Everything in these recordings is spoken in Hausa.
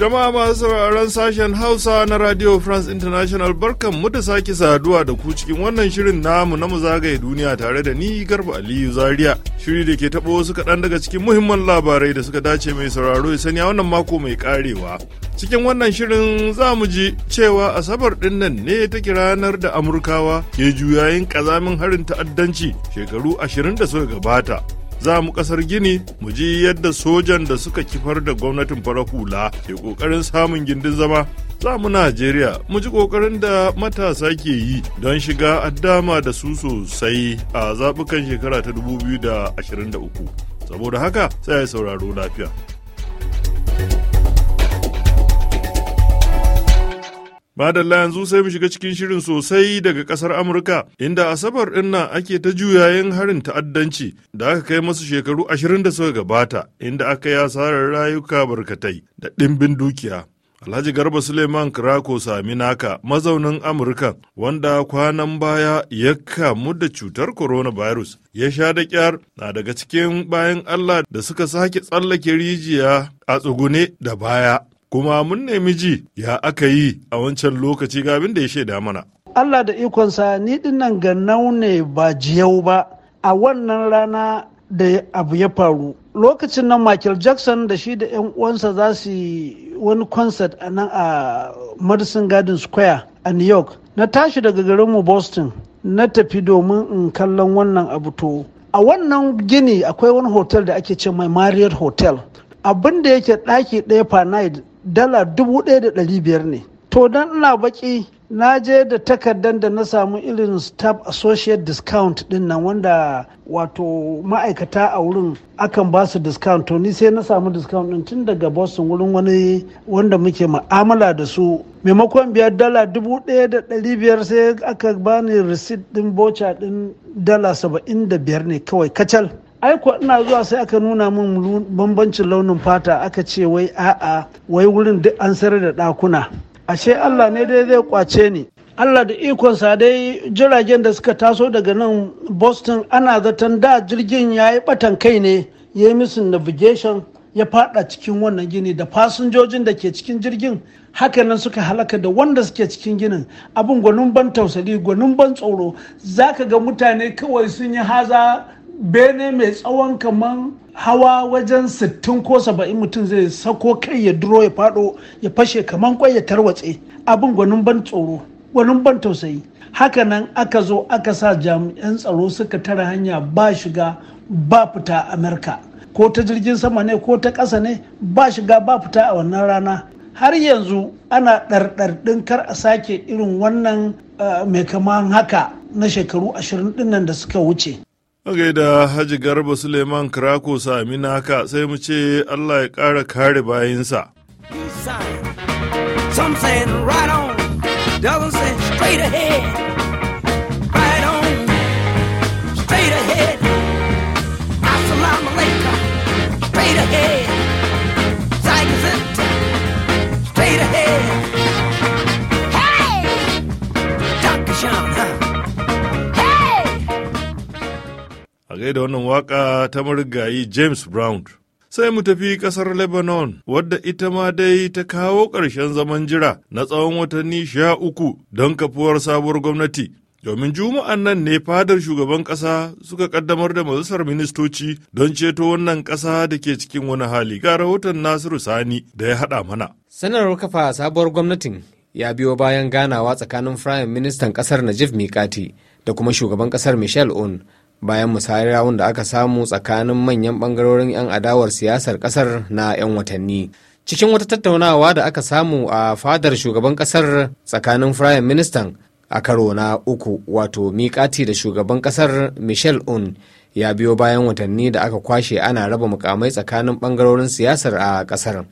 Jama'a masu sauraron sashen Hausa na Radio France International barkan mu da sake saduwa da ku cikin wannan shirin namu na zagaye duniya tare da ni Garba Aliyu Zaria. Shiri da ke taɓo wasu kaɗan daga cikin muhimman labarai da suka dace mai sauraro ya sanya wannan mako mai ƙarewa. Cikin wannan shirin za mu ji cewa Asabar ɗin ne ta ranar da Amurkawa ke juyayin ƙazamin harin ta'addanci shekaru ashirin da suka gabata. za mu kasar gini mu ji yadda sojan da suka kifar da gwamnatin farar hula ke kokarin samun gindin zama za mu najeriya mu ji kokarin da matasa ke yi don shiga addama da su sosai a zaɓukan shekara ta 2023 saboda haka sai sauraro lafiya Madalla yanzu sai mu shiga cikin shirin sosai daga kasar Amurka, inda Asabar dinnan ake ta juyayen harin ta'addanci da aka kai masu shekaru ashirin da suka gabata, inda aka yi asarar rayuka barkatai da ɗimbin dukiya. Alhaji Garba Suleiman Krako sami naka mazaunin Amurka wanda kwanan baya ya kamu da cutar coronavirus ya sha da kyar na daga cikin bayan Allah da suka sake tsallake rijiya a tsugune da baya kuma mun nemi ji ya aka yi a wancan lokaci ga abin da ya shaida mana Allah da ikonsa ni dinnan ga naune ba jiyau ba a wannan rana da abu ya faru lokacin nan michael jackson da shi da 'yan uwansa za su yi wani concert a nan a madison garden square a new york na tashi daga garinmu boston na tafi domin in kallon wannan abu to a wannan gini akwai wani hotel da ake ce mai marriott hotel abin da yake ɗaki ɗaya per night dala dubu ɗaya da ɗari biyar ne to don ina baki na je da takardar da na samu irin staff associate discount din nan wanda wato ma'aikata a wurin akan ba su discount to ni sai na samu discount din tun daga boston wurin wani wanda muke ma'amala da su maimakon biyar dala dubu ɗaya da ɗari biyar sai aka bani receipt din bocha din dala saba'in da biyar ne kawai kacal aiko ina zuwa sai aka nuna min bambancin launin fata aka ce wai a'a wai wurin duk an sayar da ɗakuna ashe allah ne dai zai kwace ni allah da ikonsa dai jiragen da suka taso daga nan boston ana zaton da jirgin ya yi batan kai ne ya yi musu navigation ya fada cikin wannan gini da fasinjojin da ke cikin jirgin hakanan suka halaka da wanda suke cikin ginin abin gwanin ban tausali gwanin ban tsoro zaka ga mutane kawai sun yi haza bene mai tsawon kaman hawa wajen 60 ko 70 mutum zai sako kai ya duro ya fado ya fashe kaman kwai ya tarwatse abin gwanin ban tsoro gwanin ban tausayi hakanan aka zo aka sa jami'an tsaro suka tara hanya ba shiga ba fita amurka ko ta jirgin sama ne ko ta ƙasa ne ba shiga ba fita a wannan rana har yanzu ana ɗin kar a sake irin wannan eh, mai kama haka na shekaru ashirin ɗinnan da suka wuce Okay, da Haji Garba Suleiman Krako sami naka sai mu ce Allah ya ƙara kare bayinsa. da wannan waka ta marigayi James Brown. Sai mu tafi ƙasar Lebanon, wadda ita ma dai ta kawo ƙarshen zaman jira na tsawon watanni sha uku don kafuwar sabuwar gwamnati. Domin juma'an nan ne fadar shugaban ƙasa suka ƙaddamar da majalisar ministoci don ceto wannan ƙasa da ke cikin wani hali ga rahoton Nasiru Sani da ya haɗa mana. Sanarwar kafa sabuwar gwamnatin ya biyo bayan ganawa tsakanin firayim ministan ƙasar Najib Mikati da kuma shugaban ƙasar Michel On bayan musayar yawon da aka samu tsakanin manyan bangarorin 'yan adawar siyasar kasar na 'yan watanni cikin wata tattaunawa da aka samu a fadar shugaban kasar tsakanin firayim ministan a karo na uku wato mikati da shugaban kasar michel un ya biyo bayan watanni da aka kwashe ana raba mukamai tsakanin bangarorin siyasar a kasar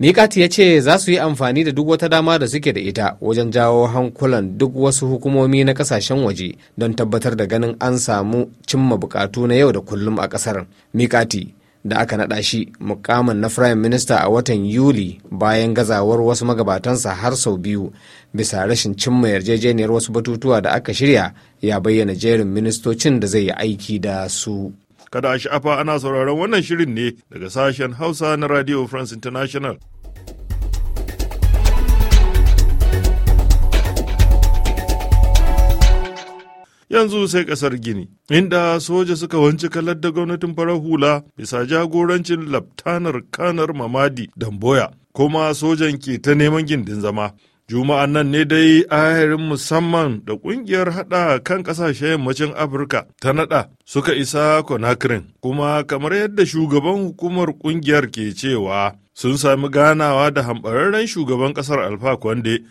Mikati ya ce za su yi amfani da duk wata dama da suke da ita wajen jawo hankulan duk wasu hukumomi na kasashen waje don tabbatar da ganin an samu cimma bukatu na yau da kullum a kasar. Mikati da aka naɗa shi mukamin na Prime minista a watan Yuli bayan gazawar wasu magabatansa har sau biyu bisa rashin cimma yarjejeniyar wasu batutuwa da aka shirya ya bayyana jerin ministocin da zai yi aiki da su. Kada a sha'afa ana sauraron wannan shirin ne daga sashen Hausa na Radio France International. yanzu sai kasar gini inda soja suka wanci kalar da gwamnatin farar hula bisa jagorancin laftanar kanar mamadi damboya kuma sojan ke ta neman gindin zama Juma'an nan ne dai ayarin musamman da kungiyar hada kan kasashe yammacin Afirka ta nada suka isa Conakry kuma kamar yadda shugaban hukumar kungiyar ke cewa sun sami ganawa da hambararren shugaban kasar Alfa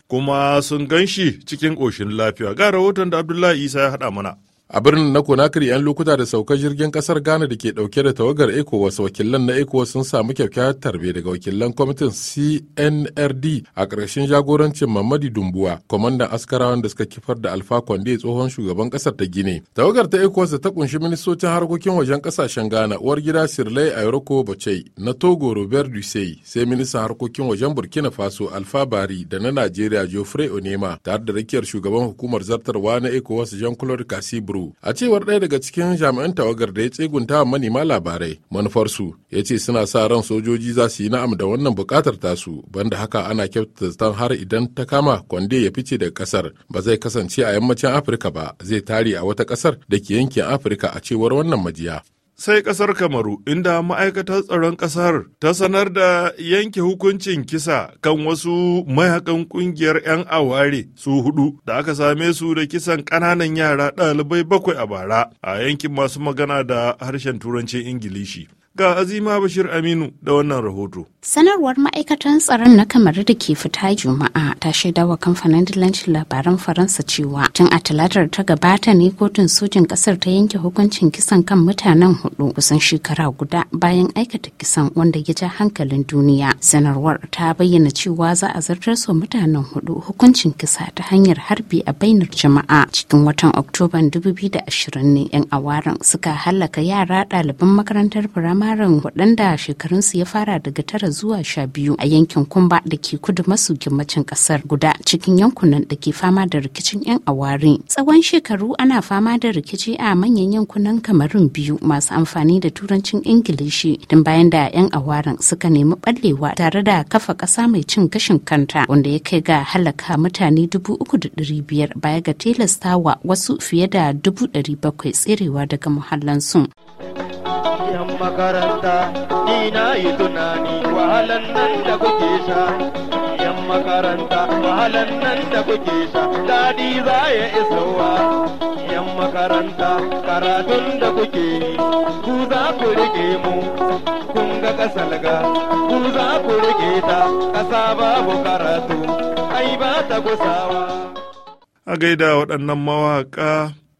kuma sun ganshi cikin ƙoshin lafiya ga rahoton da Abdullahi Isa ya hada mana. a birnin na konakiri 'yan lokuta da saukar jirgin kasar ghana da ke dauke da tawagar ecowas wakilan na ecowas sun samu kyakkyawar tarbe daga wakilan kwamitin cnrd a ƙarshen jagorancin mamadi dumbuwa kwamandan askarawan da suka kifar da alfa kwande tsohon shugaban kasar ta gine tawagar ta ecowas ta kunshi ministocin harkokin wajen kasashen ghana uwar gida sirlai ayoroko bacei na togo robert dusey sai ministan harkokin wajen burkina faso alfa bari da na najeriya geoffrey onema tare da rakiyar shugaban hukumar zartarwa na ecowas jean claude kasibro a cewar ɗaya daga cikin jami'an tawagar da ya tsegunta wa manema labarai manufarsu ya ce suna sa ran sojoji za su yi na'am da wannan buƙatar tasu banda haka ana kyautata zaton har idan ta kama kwande ya fice daga ƙasar ba zai kasance a yammacin afirka ba zai tare a wata ƙasar da ke yankin afirka a cewar wannan majiya sai ƙasar Kamaru inda ma'aikatar tsaron ƙasar ta sanar da yanke hukuncin kisa kan wasu mayakan ƙungiyar 'yan aware su hudu da aka same su da kisan ƙananan yara ɗalibai bakwai a bara a yankin masu magana da harshen turancin Ingilishi. Ga Azima Bashir Aminu da wannan rahoto. Sanarwar ma'aikatan tsaron na kamar da ke fita Juma'a ta shaidawa kamfanin dillancin labaran Faransa cewa tun a talatar ta gabata ne kotun sojin kasar ta yanke hukuncin kisan kan mutanen hudu kusan shekara guda bayan aikata kisan wanda ya ja hankalin duniya. Sanarwar ta bayyana cewa za a zartar so mutanen hudu hukuncin kisa ta hanyar harbi a bainar jama'a cikin watan Oktoban 2020 ne 'yan awaran suka hallaka yara ɗaliban makarantar firamare maran waɗanda shekarunsu ya fara daga tara zuwa sha biyu a yankin kumba da ke kudu maso yammacin ƙasar guda cikin yankunan da ke fama da rikicin 'yan awari. Tsawon shekaru ana fama da rikici a manyan yankunan kamarin biyu masu amfani da turancin Ingilishi don bayan da 'yan awarin suka nemi ɓallewa tare da kafa ƙasa mai cin gashin kanta wanda ya kai ga halaka mutane dubu uku da ɗari biyar baya ga tilastawa wasu fiye da dubu ɗari bakwai tserewa daga muhallansu. yan makaranta ni na yi tunani wahalan nan da kuke sha yan makaranta wahalan nan da kuke sha dadi za ya isowa yan makaranta karatun da kuke yi ku za ku rike mu kun ga kasalga ku za ku rike ta kasa babu karatu ai ba ta gusawa a gaida waɗannan mawaƙa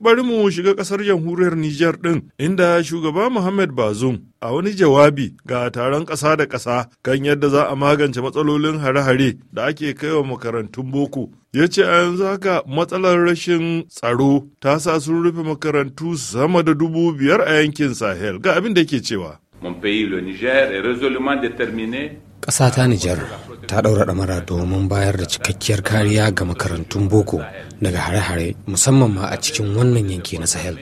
Bari mu shiga kasar jamhuriyar Nijar ɗin, inda shugaba Muhammad Bazoum a wani jawabi ga taron ƙasa da ƙasa kan yadda za a magance matsalolin hare-hare da ake kaiwa makarantun boko. Ya ce a yanzu haka matsalar rashin tsaro ta sa sun rufe makarantu sama da dubu biyar a yankin Sahel ga abin da ke cewa. ƙasa ta Nijar ta ɗaura ɗamara domin bayar da cikakkiyar kariya ga makarantun boko daga hare-hare musamman ma a cikin wannan yanki na sahel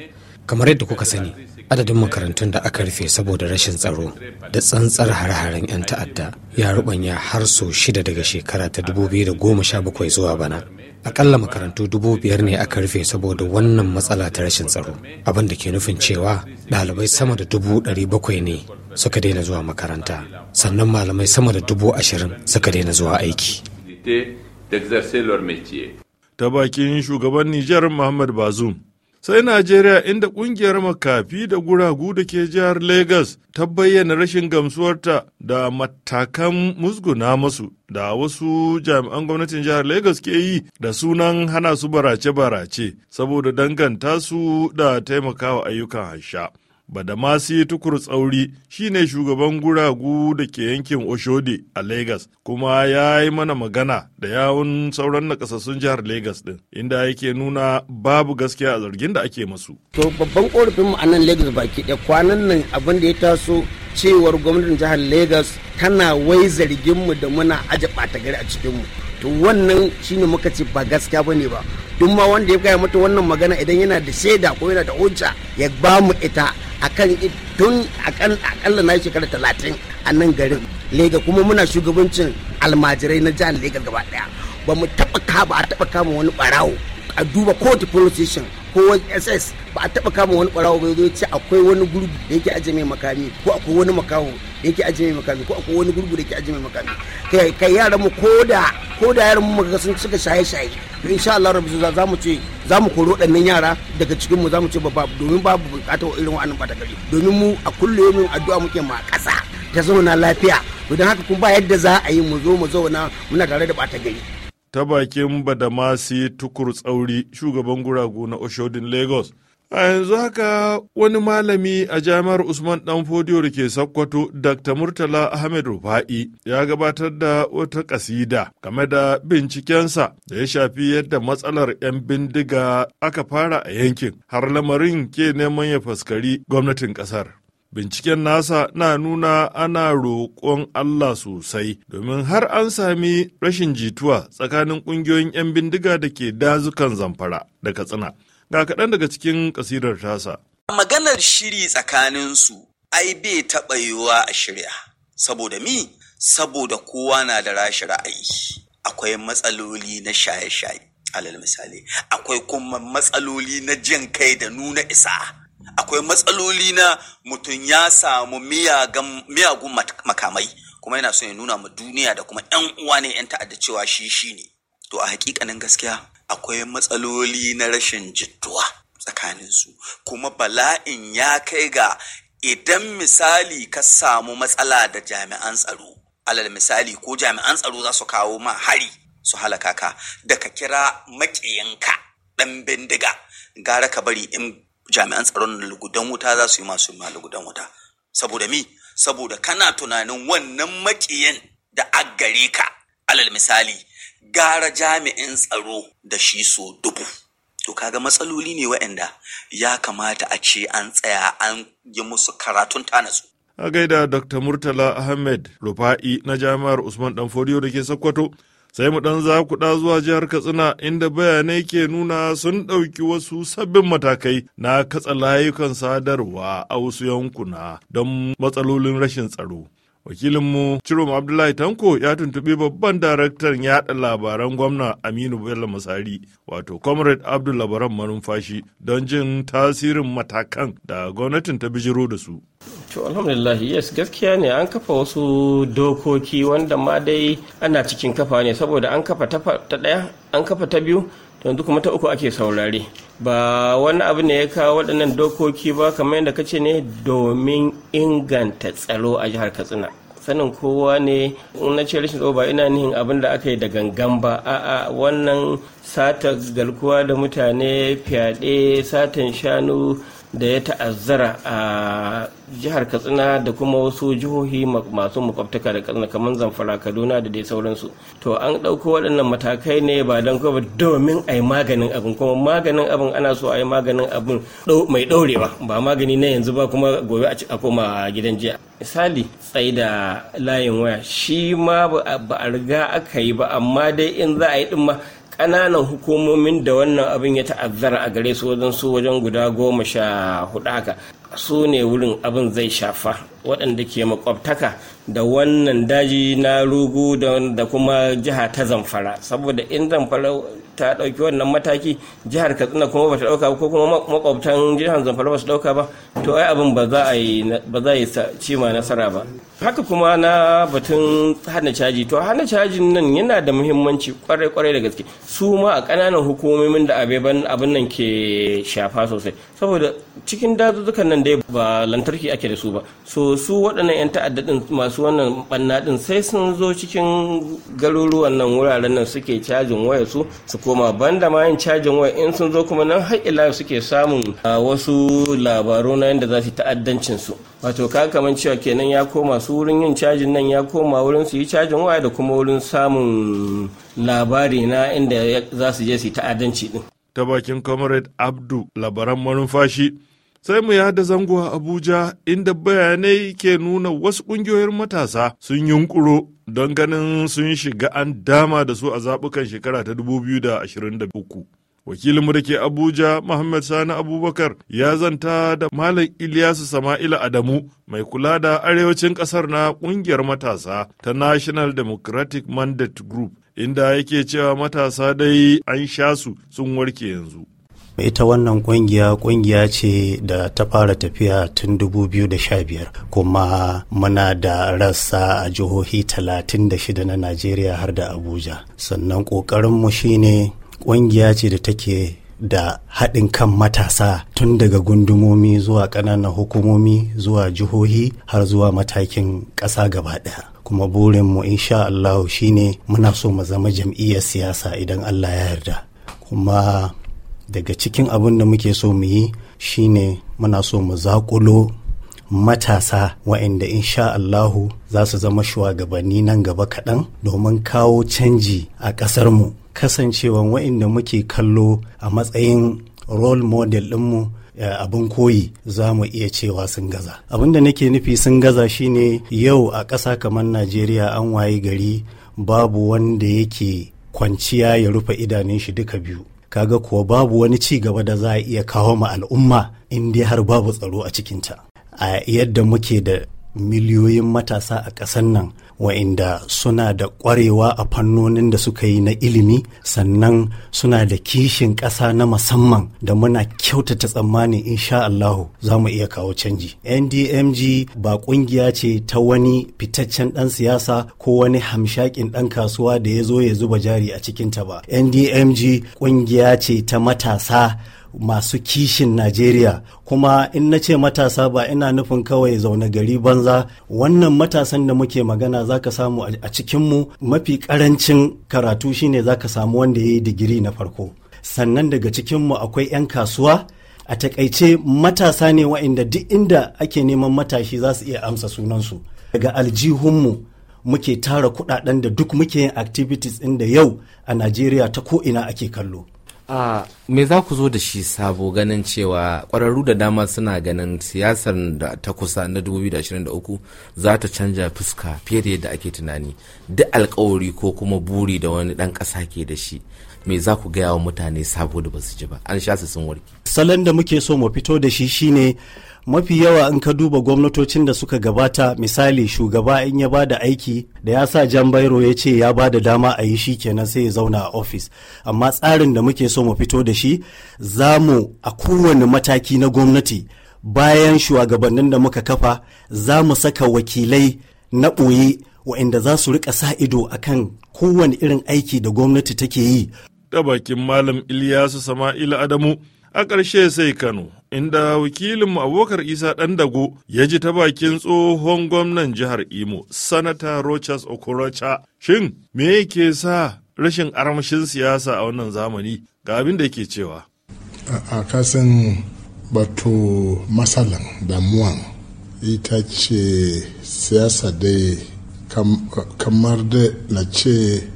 kamar yadda kuka sani adadin makarantun da aka rufe saboda rashin tsaro da tsantsar hare-haren 'yan ta'adda ya rubanya har so shida daga shekara ta 2017 zuwa bana akalla makarantu dubu biyar ne aka rufe saboda wannan matsala ta rashin tsaro abin da ke nufin cewa ɗalibai sama da dubu ɗari bakwai ne suka daina zuwa makaranta sannan malamai sama da dubu ashirin suka daina zuwa aiki ta bakin shugaban Nijar Muhammad Bazoum. Sai Najeriya inda kungiyar makafi da guragu da ke jihar Legas ta bayyana rashin gamsuwarta da matakan musguna masu da wasu jami'an gwamnatin jihar Legas ke yi da sunan hana su barace-barace saboda danganta su da taimakawa ayyukan hasha. ba da Badamasi tukur tsauri shine shugaban guragu da ke yankin Oshodi a Legas kuma ya yi mana magana da yawun sauran nakasassun jihar Legas din inda yake nuna babu gaskiya a zargin da ake masu. To babban korafin a nan Legas baki ɗaya kwanan nan abin da ya taso cewar gwamnatin jihar Legas tana wai zarginmu da muna aje ɓata gari a cikinmu to wannan shine muka ce ba gaskiya ba ne ba duk ma wanda ya gaya mata wannan magana idan yana da shaida ko yana da hujja ya ba mu ita akan tun akalla na shekara talatin a nan garin lega kuma muna shugabancin almajirai na jihar lega gaba daya ba mu taba a taba kama wani barawo a duba kowace police station ko wani ss ba a taba kama wani barawo ba zo ce akwai wani gurbi da yake aje mai makami ko akwai wani makawo da yake aje mai makami ko akwai wani gurbi da yake aje mai makami kai kai yaran mu koda koda yaran mu muka sun suka shaye shaye to insha Allah rabbi za mu ce za mu koro waɗannan yara daga cikin mu za mu ce ba domin babu wa irin wannan bata gari domin mu a kullum addu'a muke ma ƙasa ta zauna lafiya to don haka kun ba yadda za a yi mu zo mu zauna muna tare da bata gari ta bakin Badamasi Tukur Tsauri shugaban guragu na Oshodin Lagos. A yanzu haka wani malami a jami'ar Usman Dan Fodiyo da ke Sokoto, Dr. Murtala Ahmed Rufa'i ya gabatar da wata kasida game da bincikensa da ya shafi yadda matsalar 'yan bindiga aka fara a yankin har lamarin ke neman ya faskari gwamnatin kasar. Binciken nasa na nuna ana roƙon Allah sosai domin har an sami rashin jituwa tsakanin ƙungiyoyin 'yan bindiga da ke dazukan zamfara da katsina. Ga kaɗan daga cikin ƙasidar tasa. Maganar shiri tsakaninsu ai bai taɓa yiwuwa a shirya, saboda mi, saboda kowa na da rashi ra'ayi. Akwai matsaloli na shaye-shaye, alal misali, akwai kuma matsaloli na jin kai da nuna isa. akwai matsaloli na mutum ya samu miyagun makamai kuma yana son ya nuna ma duniya da kuma 'yan uwa ne 'yan ta'adda cewa shi shi ne to a hakikanin gaskiya akwai matsaloli na rashin jituwa tsakaninsu kuma bala'in ya kai ga idan misali ka samu matsala da jami'an tsaro alal misali ko jami'an tsaro za su kawo ma hari su halaka ka da ka kira maƙiyanka ɗan bindiga gara ka bari in jami'an tsaron lugudan wuta za su yi masu ma lugudan wuta saboda mi saboda kana tunanin wannan maƙiyin da aggare ka alal misali gara jami'in tsaro da shi so dubu to kaga matsaloli ne waɗanda ya kamata a ce an tsaya an yi musu karatun tanatsu. a gaida dr murtala ahmed rufa'i na jami'ar usman danfodiyo da ke sokoto sai mu ɗan za kuɗa zuwa jihar katsina inda bayanai ke nuna sun ɗauki wasu sabbin matakai na katsa layukan sadarwa a wasu yankuna don matsalolin rashin tsaro Wakilinmu ciro Abdullahi Tanko ya tuntuɓi babban daraktan yaɗa labaran gwamna Aminu Bello Masari, wato Comrade Abdul Labaran Manumfashi don jin tasirin matakan da gwamnatin ta bijiro da su. To alhamdulillah yes gaskiya ne an kafa wasu dokoki wanda ma dai ana cikin kafa ne saboda an kafa ta ɗaya an kafa ta biyu yanzu kuma ta uku ake saurare ba wani abu ne ya kawo waɗannan dokoki ba kamar yadda kace ne domin inganta tsaro a jihar katsina sanin kowa ne na ce rashin tsaro ba ina nihin abin da aka yi da gangan ba a'a wannan sata garkuwa da mutane fyaɗe satan shanu da ya ta'azzara a jihar katsina da kuma wasu jihohi masu makwabtaka da katsina kamar zamfara kaduna da dai sauransu to an ɗauko waɗannan matakai ne ba don kuma domin a yi maganin abin kuma maganin abin ana so a yi maganin abin mai ɗaurewa ba magani na yanzu ba kuma gobe a koma gidan jiya misali tsaye da layin waya shi ma ba a riga aka yi ba amma dai in za a yi ɗin ma ƙananan hukumomin da wannan abin ya ta'azzara a gare su wajen su wajen guda goma sha hudu haka su ne wurin abin zai shafa waɗanda ke makwabtaka da wannan daji na rugu da kuma jiha ta zamfara saboda in zamfara ta ɗauki wannan mataki jihar katsina kuma ba ta ɗauka ko kuma makwabtan jihar zamfara ba su ɗauka ba to ai abin ba za a yi ci ma nasara ba haka kuma na batun hana caji to hana cajin nan yana da muhimmanci kwarai kwarai da gaske su ma a ƙananan hukumomin da abeban abin nan ke shafa sosai saboda cikin dazuzzukan nan dai ba lantarki ake da su ba so su waɗannan 'yan ta'adda din masu wannan banna din sai sun zo cikin garuruwan nan wuraren nan suke cajin wayar su su koma ban ma yin cajin waya in sun zo kuma nan har ila suke samun wasu labaru na yadda za su ta'addancin su wato ka kaman cewa kenan ya koma su wurin yin cajin nan ya koma wurin su yi cajin waya da kuma wurin samun labari na inda za su je su ta'addanci din ta bakin comrade abdu labaran manumfashi sai mu yada zango a Abuja inda bayanai ke nuna wasu kungiyoyin matasa sun yunkuro don ganin sun shiga an dama da su a zabukan shekara ta 2023. Wakilinmu da ke Abuja Muhammad Sani Abubakar ya zanta da Malam Ilyasu Sama'ila Adamu mai kula da arewacin kasar na kungiyar matasa ta National Democratic Mandate Group inda yake cewa matasa dai an sha su sun warke yanzu. ita wannan kungiya kungiya ce da ta fara tafiya tun 2015 kuma muna da rassa a jihohi 36 na najeriya har da abuja sannan ƙoƙarinmu shine kungiya ce da take da haɗin kan matasa tun daga gundumomi zuwa ƙananan hukumomi zuwa jihohi har zuwa matakin ƙasa gaba ɗaya kuma burinmu insha Allah shine muna so mu zama jam'iyyar siyasa idan Allah ya yarda kuma daga cikin abin da muke so mu yi shine muna so mu zaƙulo matasa waɗanda insha Allahu za su zama shugabanni nan gaba kaɗan domin kawo canji a ƙasar mu kasancewa wa'inda muke kallo a matsayin role model ɗinmu eh, abin koyi za mu iya cewa sun gaza abin da nake nufi sun gaza shine yau a ƙasa kamar najeriya an waye gari babu wanda yake kwanciya ya rufe idanun shi duka biyu kaga kuwa babu wani ci gaba da za a iya kawo ma al'umma in dai har babu tsaro a cikinta a yadda muke da miliyoyin matasa a ƙasar nan wa'inda suna da ƙwarewa a fannonin da suka yi na ilimi sannan suna da kishin ƙasa na musamman da muna kyautata tsammani insha Allahu za mu iya kawo canji. NDMG ba ƙungiya ce ta wani fitaccen ɗan siyasa ko wani hamshakin ɗan kasuwa da ya zo ya zuba jari a cikinta ba. NDMG ƙungiya ce ta matasa masu kishin Najeriya kuma in na ce matasa ba ina nufin kawai zaune gari banza wannan matasan da muke magana za ka samu a cikinmu mafi karancin karatu shine za ka samu wanda ya yi digiri na farko sannan daga cikinmu akwai 'yan kasuwa a takaice matasa ne wa'inda duk inda ake neman matashi za su iya amsa sunansu daga aljihunmu muke tara kudaden da duk muke yin activities inda yau a Najeriya ta ko'ina ake kallo. a me za ku zo da shi sabo ganin cewa kwararru da dama suna ganin siyasar da ta kusa na 2023 za ta canja fuska fiye da yadda ake tunani duk alkawari ko kuma buri da wani dan ƙasa ke da shi me za ku gaya wa mutane sabo da basu ji ba an sha su sun warke salon da muke so mu fito da shi shine mafi yawa in ka duba gwamnatocin da suka gabata misali shugaba in ya bada aiki da ya sa jan bairo ya ce ya bada dama a yi shi kenan sai ya zauna a ofis amma tsarin da muke so mu fito da shi za mu a kowane mataki na gwamnati bayan shugabannin da muka kafa za mu saka wakilai na ɓoye wa'inda za su rika sa ido akan kowane irin aiki da gwamnati take yi. Da bakin Malam Iliyasu Sama'ila Adamu a ƙarshe sai Kano. inda wakilinmu abokar isa ɗan dago ya ji ta bakin tsohon gwamnan jihar imo sanata rochas okorocha shin me yake sa rashin armashin siyasa a wannan zamani ga abin da yake cewa a kasan bato masalan damuwan ita ce siyasa dai kamar da na ce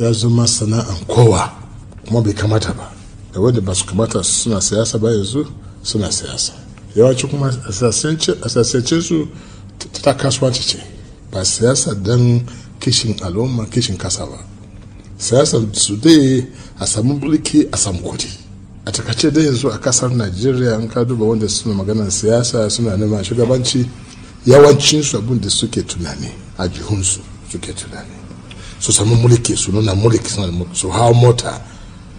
ya zama sana'an kowa kuma bai kamata ba da wanda ba su kamata suna siyasa ba yanzu suna siyasa yawanci kuma asasance su ta kasuwanci ce ba siyasa don kishin al'umma kishin kasa ba siyasar su dai a samu mulki a samu kudi a takace dai yanzu a kasar najeriya an ka duba wanda suna maganar siyasa suna neman shugabanci yawancin su abin da suke tunani a jihunsu suke tunani su samu mulki su nuna mulki su hawa mota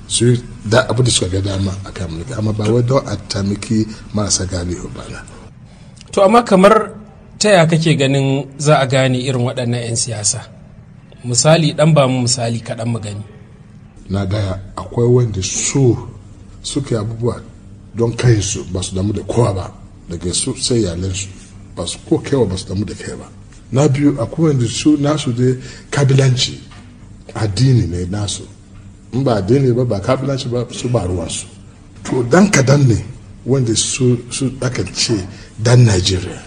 su da abu da suka ga dama a kan mulki amma ba wai don a tamiki marasa galihu ba na to amma kamar ta ya kake ganin za a gane irin waɗannan 'yan siyasa misali ɗan ba mu misali kaɗan mu gani na gaya akwai wanda su suke abubuwa don kai su ba su damu da kowa ba daga su sai yalen su ba su ko kewa ba su damu da kai ba na biyu akwai wanda su nasu da kabilanci addini ne nasu in ba ne ba ba kabilanci ba su ba ruwansu to dan kadan ne wanda su su aka ce dan najeriya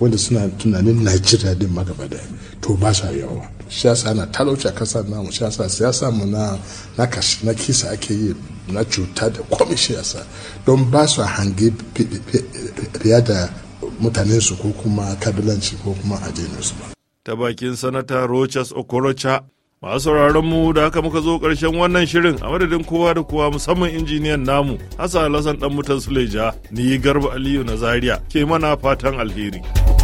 wanda suna tunanin najeriya din ma gaba daya to ba sa yawa shi yasa talauci a kasar namu shi yasa siyasa mu na na kashi na kisa ake yi na cuta da komai shi don ba su hange fiye da su ko kuma kabilanci ko kuma addininsu ba ta bakin sanata rochas okorocha masu sauraron mu da haka muka zo ƙarshen wannan shirin a madadin kowa da kowa musamman injiniyan namu Hassan lasan dan mutan Suleja ni Garba Aliyu na Zaria ke mana fatan alheri.